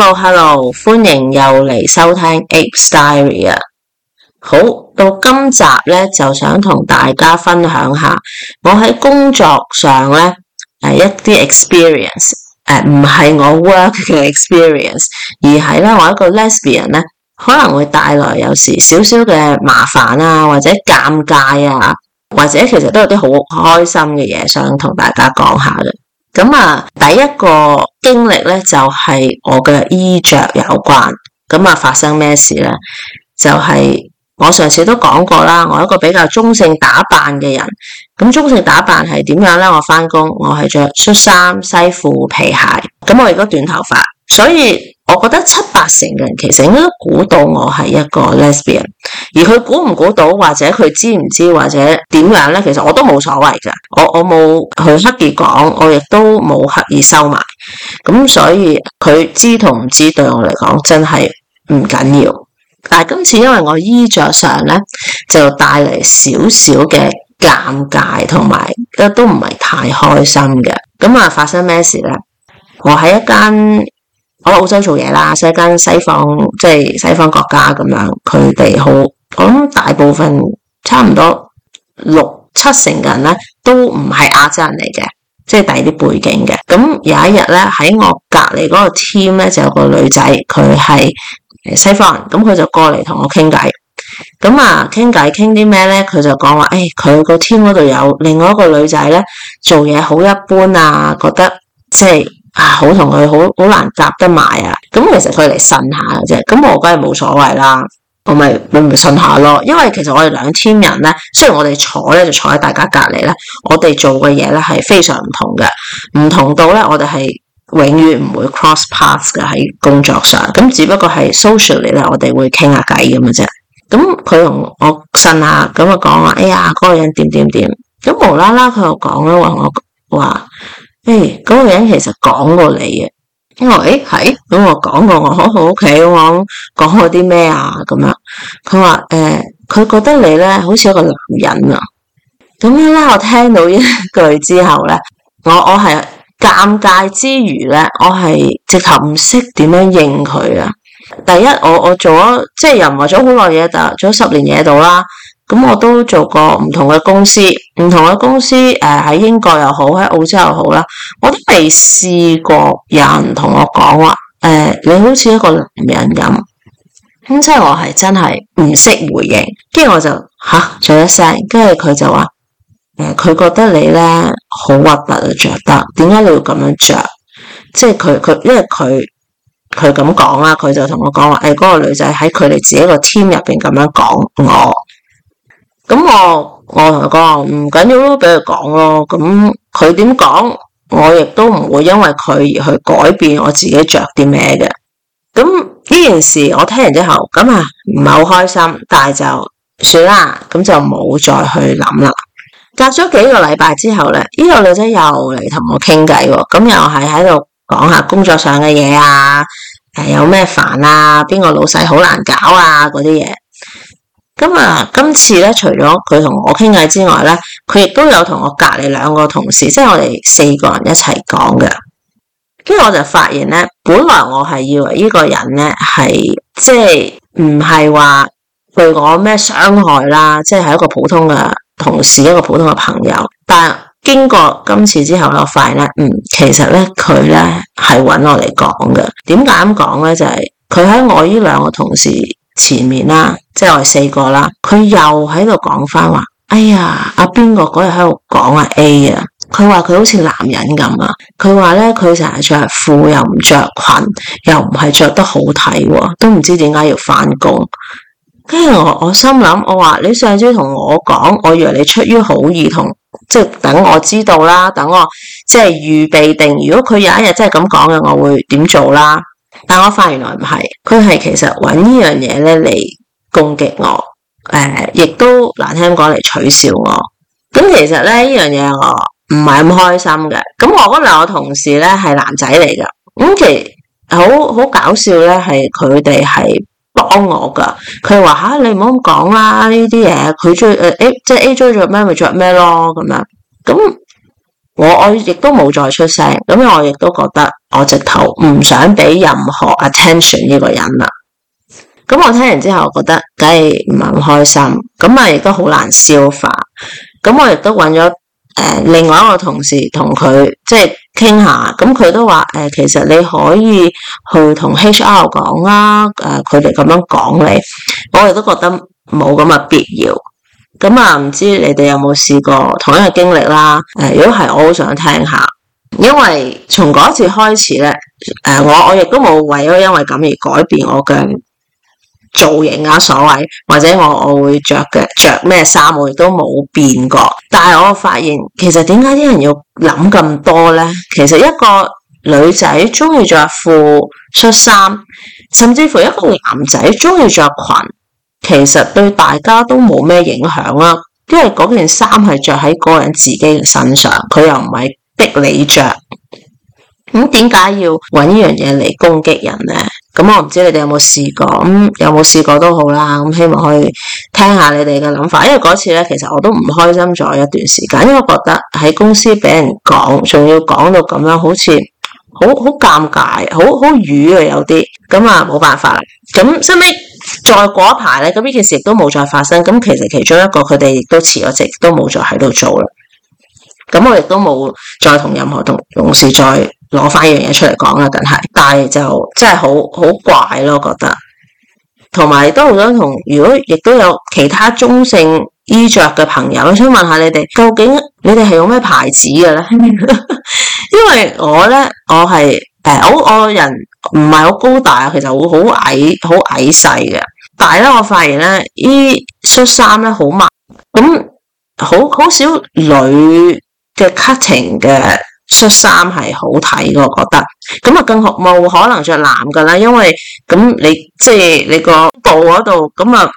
Hello，Hello，hello. 歡迎又嚟收聽 A Story 啊！好，到今集咧，就想同大家分享下我喺工作上咧，誒一啲 experience，誒唔係我 work 嘅 experience，而係咧，我一個 lesbian 咧，可能會帶來有時少少嘅麻煩啊，或者尷尬啊，或者其實都有啲好開心嘅嘢想同大家講下嘅。咁啊，第一個經歷咧就係、是、我嘅衣着有關。咁啊，發生咩事咧？就係、是、我上次都講過啦，我一個比較中性打扮嘅人。咁中性打扮係點樣咧？我返工我係着恤衫、西褲、皮鞋，咁我亦都短頭髮，所以。我覺得七八成人其實應該估到我係一個 lesbian，而佢估唔估到或者佢知唔知或者點樣咧，其實我都冇所謂㗎。我我冇去刻意講，我亦都冇刻意收埋。咁所以佢知同唔知對我嚟講真係唔緊要。但係今次因為我衣着上咧就帶嚟少少嘅尷尬同埋都唔係太開心嘅。咁啊發生咩事咧？我喺一間。喺澳洲做嘢啦，所以一間西方，即係西方國家咁樣，佢哋好，我諗大部分差唔多六七成嘅人咧，都唔係亞洲人嚟嘅，即係第二啲背景嘅。咁有一日咧，喺我隔籬嗰個 team 咧，就有個女仔，佢係西方人，咁佢就過嚟同我傾偈。咁啊，傾偈傾啲咩咧？佢就講話，誒、哎，佢個 team 嗰度有另外一個女仔咧，做嘢好一般啊，覺得即係。就是啊，好同佢好好難夾得埋啊！咁其實佢嚟呻下嘅啫，咁我梗係冇所謂啦，我咪會唔會呻下咯？因為其實我哋兩千人咧，雖然我哋坐咧就坐喺大家隔籬咧，我哋做嘅嘢咧係非常唔同嘅，唔同到咧我哋係永遠唔會 cross path 嘅喺工作上，咁只不過係 social 嚟咧，我哋會傾下偈咁嘅啫。咁佢同我呻下，咁啊講話，哎呀，嗰個人點點點，咁無啦啦佢又講咧話我話。誒，嗰，哎那個人其實講過你嘅，因為我誒係咁我講過我好 okay，好奇好講講過啲咩啊，咁樣佢話誒佢覺得你咧好似一個男人啊，咁樣咧我聽到呢句之後咧，我我係尷尬之餘咧，我係直頭唔識點樣應佢啊。第一我我做咗即係又唔話咗好耐嘢，但係做咗十年嘢度啦。咁我都做過唔同嘅公司，唔同嘅公司，誒、呃、喺英國又好，喺澳洲又好啦，我都未試過有人同我講話，誒、呃、你好似一個男人咁，咁即係我係真係唔識回應，跟住我就吓咗一聲，跟住佢就話，誒、呃、佢覺得你咧好核突啊着得，點解你要咁樣着？即係佢佢因為佢佢咁講啊，佢就同我講話，誒、欸、嗰個女仔喺佢哋自己個 team 入邊咁樣講我。咁我我同佢講唔緊要咯，俾佢講咯。咁佢點講，我亦都唔會因為佢而去改變我自己着啲咩嘅。咁呢件事我聽完之後，咁啊唔係好開心，但係就算啦，咁就冇再去諗啦。隔咗幾個禮拜之後咧，呢個女仔又嚟同我傾偈喎，咁又係喺度講下工作上嘅嘢啊，誒、呃、有咩煩啊，邊個老細好難搞啊嗰啲嘢。咁啊，今次咧，除咗佢同我傾偈之外咧，佢亦都有同我隔籬兩個同事，即係我哋四個人一齊講嘅。跟住我就發現咧，本來我係以為呢個人咧係即係唔係話對我咩傷害啦，即係係一個普通嘅同事，一個普通嘅朋友。但係經過今次之後咧，我發現咧，嗯，其實咧佢咧係揾我嚟講嘅。點解咁講咧？就係佢喺我呢兩個同事前面啦，即係我哋四個啦，佢又喺度講翻話，哎呀，阿邊個嗰日喺度講啊 A 啊，佢話佢好似男人咁啊，佢話咧佢成日着褲又唔着裙，又唔係着得好睇，都唔知點解要翻工。跟住我我心諗，我話你上次同我講，我以為你出於好意同，即係等我知道啦，等我即係預備定，如果佢有一日真係咁講嘅，我會點做啦？但係我發現原來唔係，佢係其實搵呢樣嘢咧嚟攻擊我，誒、呃，亦都難聽講嚟取笑我。咁其實咧呢樣嘢我唔係咁開心嘅。咁我嗰兩個同事咧係男仔嚟嘅，咁其好好搞笑咧，係佢哋係幫我噶。佢話吓，你唔好咁講啦，呢啲嘢佢鍾意誒，呃、A, 即係 A 追着咩咪着咩咯咁樣咁。我我亦都冇再出聲，咁我亦都覺得我直頭唔想俾任何 attention 呢個人啦。咁我聽完之後，我覺得梗係唔係咁開心，咁咪亦都好難消化。咁我亦都揾咗誒另外一個同事同佢即係傾下，咁佢都話誒、呃、其實你可以去同 HR 講啦，誒佢哋咁樣講你，我亦都覺得冇咁嘅必要。咁啊，唔、嗯、知你哋有冇試過同樣嘅經歷啦？誒、呃，如果係，我好想聽下，因為從嗰次開始咧，誒、呃，我我亦都冇為咗因為咁而改變我嘅造型啊，所謂或者我會我會着嘅着咩衫，我亦都冇變過。但係我發現，其實點解啲人要諗咁多咧？其實一個女仔中意着褲恤衫，甚至乎一個男仔中意着裙。其實對大家都冇咩影響啦，因為嗰件衫係着喺個人自己嘅身上，佢又唔係逼你着。咁點解要搵呢樣嘢嚟攻擊人呢？咁我唔知你哋有冇試過，咁、嗯、有冇試過都好啦。咁希望可以聽下你哋嘅諗法，因為嗰次咧，其實我都唔開心咗一段時間，因為我覺得喺公司俾人講，仲要講到咁樣，好似好好尷尬，好好瘀啊有啲。咁啊，冇辦法啦。咁收尾。再嗰一排咧，咁呢件事亦都冇再發生。咁其實其中一個佢哋亦都辭咗職，都冇再喺度做啦。咁我亦都冇再同任何同同事再攞翻一樣嘢出嚟講啦，梗係。但係就真係好好怪咯，我覺得。同埋都好想同，如果亦都有其他中性衣着嘅朋友，我想問下你哋，究竟你哋係用咩牌子嘅咧？ 因為我咧，我係誒好，我個人唔係好高大啊，其實會好矮，好矮細嘅。但係咧，我發現咧，依恤衫咧好慢，咁好好少女嘅 cutting 嘅恤衫係好睇，我覺得。咁啊，更冇可能着男噶啦，因為咁你即係、就是、你個布嗰度，咁啊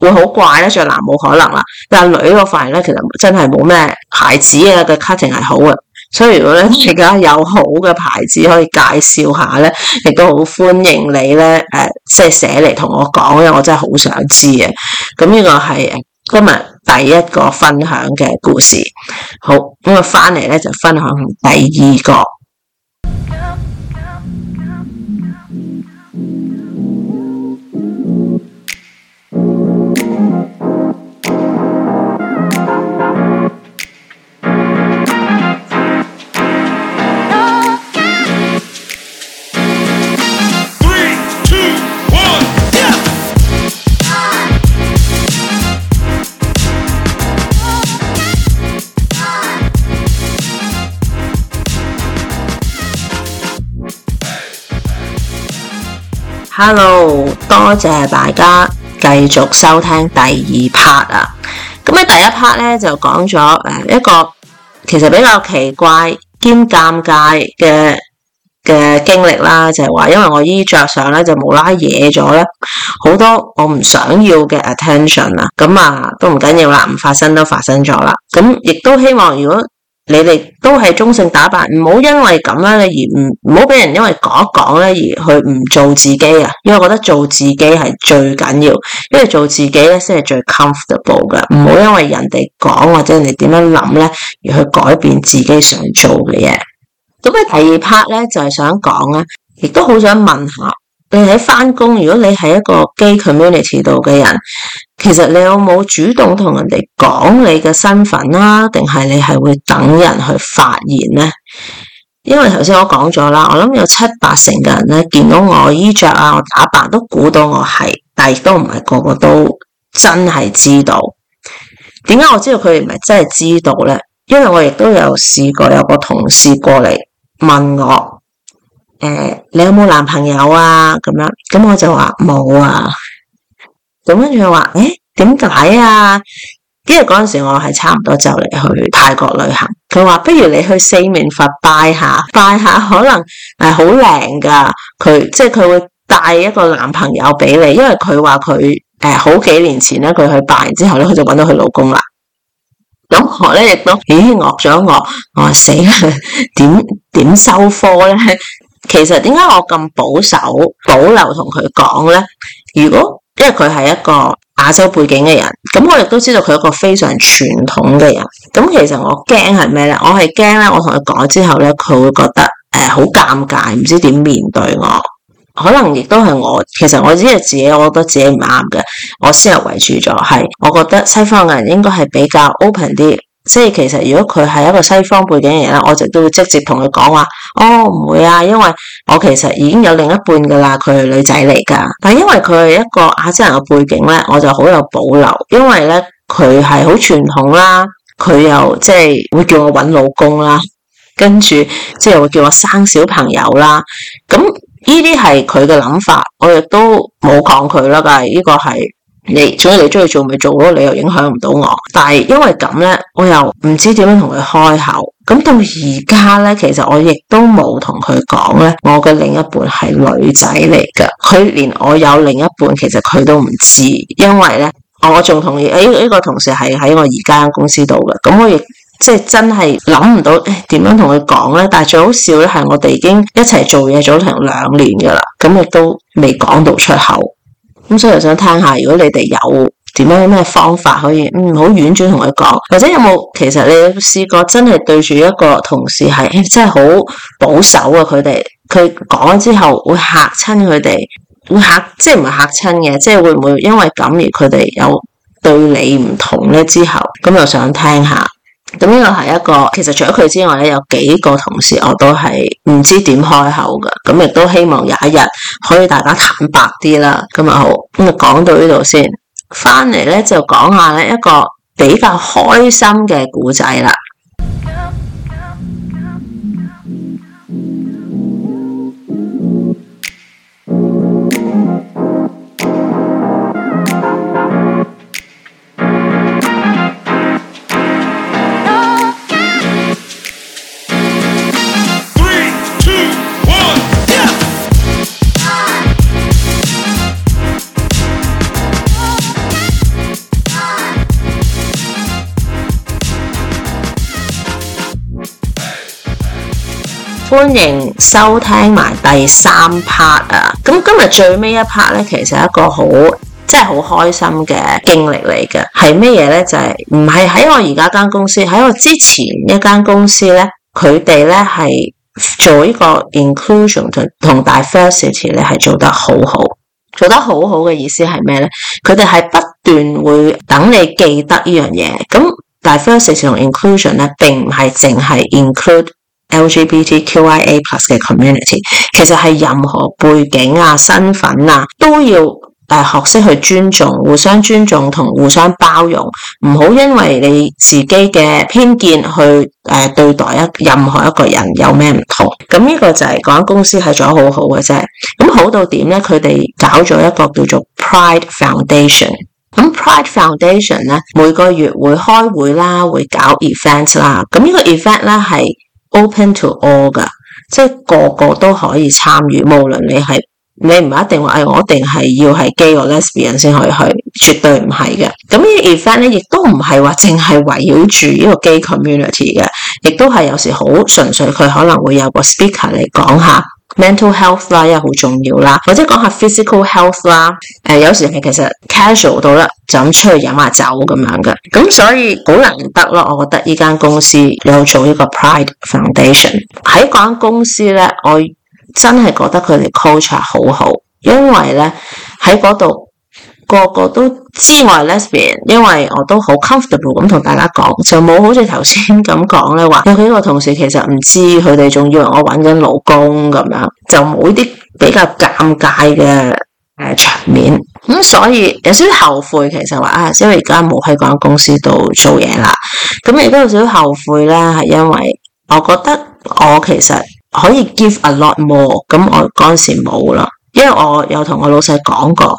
會好怪咧着男冇可能啦。但係女個發現咧，其實真係冇咩牌子啊嘅 cutting 係好啊。所以如果咧而家有好嘅牌子可以介紹下咧，亦都好歡迎你咧，誒，即係寫嚟同我講，因為我真係好想知啊。咁呢個係今日第一個分享嘅故事。好，咁我返嚟咧就分享第二個。Hello，多謝大家繼續收聽第二 part 啊！咁喺第一 part 咧就講咗誒一個其實比較奇怪兼尷尬嘅嘅經歷啦，就係話因為我衣着上咧就無啦啦惹咗咧好多我唔想要嘅 attention 啦，咁啊都唔緊要啦，唔發生都發生咗啦，咁亦都希望如果，你哋都係中性打扮，唔好因為咁樣咧，而唔唔好俾人因為講一講咧，而去唔做自己啊！因為我覺得做自己係最緊要，因為做自己咧先係最 comfortable 噶，唔好因為人哋講或者人哋點樣諗咧而去改變自己想做嘅嘢。咁啊，第二 part 咧就係、是、想講咧，亦都好想問下。你喺返工，如果你係一個 gay community 度嘅人，其實你有冇主動同人哋講你嘅身份啦？定係你係會等人去發現呢？因為頭先我講咗啦，我諗有七八成嘅人咧見到我，我衣着啊、我打扮都估到我係，但係亦都唔係個個都真係知道。點解我知道佢哋唔係真係知道呢？因為我亦都有試過有個同事過嚟問我。誒、呃，你有冇男朋友啊？咁樣，咁我就話冇啊。咁跟住佢話，誒，點解啊？因為嗰陣時我係差唔多就嚟去泰國旅行，佢話不如你去四面佛拜下，拜下可能誒好靈㗎。佢即係佢會帶一個男朋友俾你，因為佢話佢誒好幾年前咧，佢去拜完之後咧，佢就搵到佢老公啦。咁我咧亦都咦惡咗我，我話死啦，點點收科咧？其實點解我咁保守、保留同佢講咧？如果因為佢係一個亞洲背景嘅人，咁我亦都知道佢係一個非常傳統嘅人。咁其實我驚係咩咧？我係驚咧，我同佢講之後咧，佢會覺得誒好、呃、尷尬，唔知點面對我。可能亦都係我，其實我只係自己，我覺得自己唔啱嘅，我先係圍住咗。係，我覺得西方人應該係比較 open 啲。即係其實，如果佢係一個西方背景嘅人咧，我直都會直接同佢講話，哦唔會啊，因為我其實已經有另一半噶啦，佢係女仔嚟噶。但因為佢係一個亞洲人嘅背景咧，我就好有保留，因為咧佢係好傳統啦，佢又即係會叫我揾老公啦，跟住即係會叫我生小朋友啦。咁呢啲係佢嘅諗法，我亦都冇講佢啦，但係呢個係。你，總之你中意做咪做咯，你又影響唔到我。但係因為咁咧，我又唔知點樣同佢開口。咁到而家咧，其實我亦都冇同佢講咧，我嘅另一半係女仔嚟噶。佢連我有另一半，其實佢都唔知。因為咧，我仲同誒呢個同事係喺我而家間公司度嘅。咁我亦即係真係諗唔到點樣同佢講咧。但係最好笑咧係，我哋已經一齊做嘢做咗成兩年噶啦，咁亦都未講到出口。咁、嗯、所以我想聽下，如果你哋有點樣咩方法可以，唔好婉轉同佢講，或者有冇其實你試過真係對住一個同事係，誒、欸，真係好保守啊！佢哋佢講咗之後會吓親佢哋，會吓，即係唔係吓親嘅，即係會唔會因為咁而佢哋有對你唔同咧？之後咁又想聽下。咁呢個係一個，其實除咗佢之外咧，有幾個同事我都係唔知點開口噶，咁亦都希望有一日可以大家坦白啲啦。咁啊好，咁講到呢度先，翻嚟咧就講一下咧一個比較開心嘅故仔啦。歡迎收聽埋第三 part 啊！咁今日最尾一 part 咧，其實係一個好即係好開心嘅經歷嚟嘅。係咩嘢咧？就係唔係喺我而家間公司，喺我之前一間公司咧，佢哋咧係做呢個 inclusion 同同 diversity 咧係做得好好，做得好好嘅意思係咩咧？佢哋係不斷會等你記得呢樣嘢。咁 diversity 同 inclusion 咧，並唔係淨係 include。LGBTQIA+ plus 嘅 community，其實係任何背景啊、身份啊，都要誒、呃、學識去尊重，互相尊重同互相包容，唔好因為你自己嘅偏見去誒、呃、對待一任何一個人有咩唔同。咁、嗯、呢、這個就係、是、講公司係做得好好嘅啫。咁、嗯、好到點咧，佢哋搞咗一個叫做 Pride Foundation、嗯。咁、嗯、Pride Foundation 咧，每個月會開會啦，會搞 events 啦。咁、嗯、呢、這個 event 咧係～Open to all 噶，即係個個都可以參與，無論你係你唔一定話，哎，我一定係要係 gay or lesbian 先可以去，絕對唔係嘅。咁、這個、呢 event 咧，亦都唔係話淨係圍繞住呢個 gay community 嘅，亦都係有時好純粹，佢可能會有個 speaker 嚟講下。mental health 啦，因為好重要啦，或者講下 physical health 啦。誒，有時係其實 casual 到啦，就咁出去飲下酒咁樣嘅。咁所以好難得咯，我覺得呢間公司有做呢個 Pride Foundation。喺嗰間公司咧，我真係覺得佢哋 culture 好好，因為咧喺嗰度，個個都知我係 lesbian，因為我都好 comfortable 咁同大家講，就冇好似頭先咁講咧，話有幾個同事其實唔知佢哋仲以為我揾緊老公咁樣，就冇啲比較尷尬嘅誒、呃、場面。咁、嗯、所以有少少後悔，其實話啊，因為而家冇喺嗰間公司度做嘢啦。咁亦都有少少後悔啦，係因為我覺得我其實可以 give a lot more，咁我嗰陣時冇啦，因為我有同我老細講過。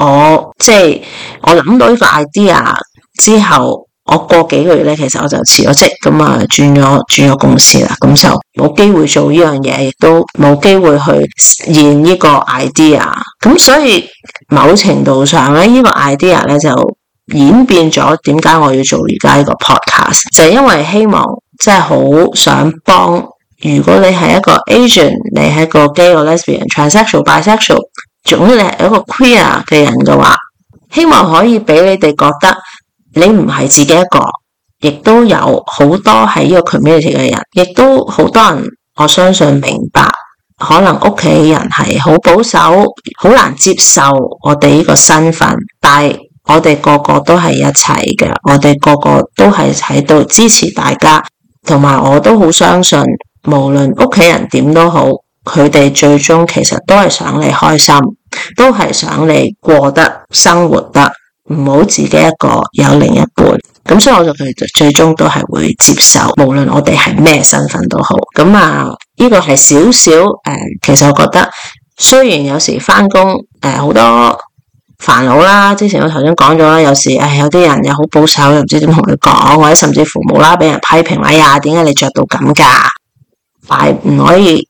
我即係我諗到呢個 idea 之後，我過幾個月咧，其實我就辭咗職，咁啊轉咗轉咗公司啦，咁就冇機會做呢樣嘢，亦都冇機會去現呢個 idea。咁所以某程度上咧，這個、呢個 idea 咧就演變咗，點解我要做而家呢個 podcast？就因為希望即係好想幫。如果你係一個 Asian，你係一個 gay or lesbian，transsexual，bisexual。總之，一個 queer 嘅人嘅話，希望可以俾你哋覺得你唔係自己一個，亦都有好多喺呢個 community 嘅人，亦都好多人。我相信明白，可能屋企人係好保守，好難接受我哋呢個身份，但係我哋個個都係一齊嘅，我哋個個都係喺度支持大家，同埋我都好相信，無論屋企人點都好。佢哋最終其實都係想你開心，都係想你過得生活得唔好自己一個，有另一半咁，所以我就佢最終都係會接受，無論我哋係咩身份都好。咁啊、呃，呢、這個係少少誒，其實我覺得雖然有時返工誒好多煩惱啦，之前我頭先講咗啦，有時誒、哎、有啲人又好保守，又唔知點同佢講，或者甚至父母啦，俾人批評哎呀點解你着到咁噶？但唔可以。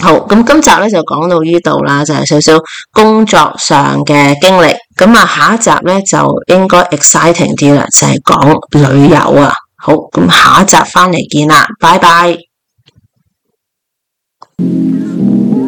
好，咁今集咧，就講到呢度啦，就係少少工作上嘅經歷。咁啊，下一集咧，就應該 exciting 啲啦，就係講旅遊啊。好，咁下一集翻嚟見啦，拜拜。嗯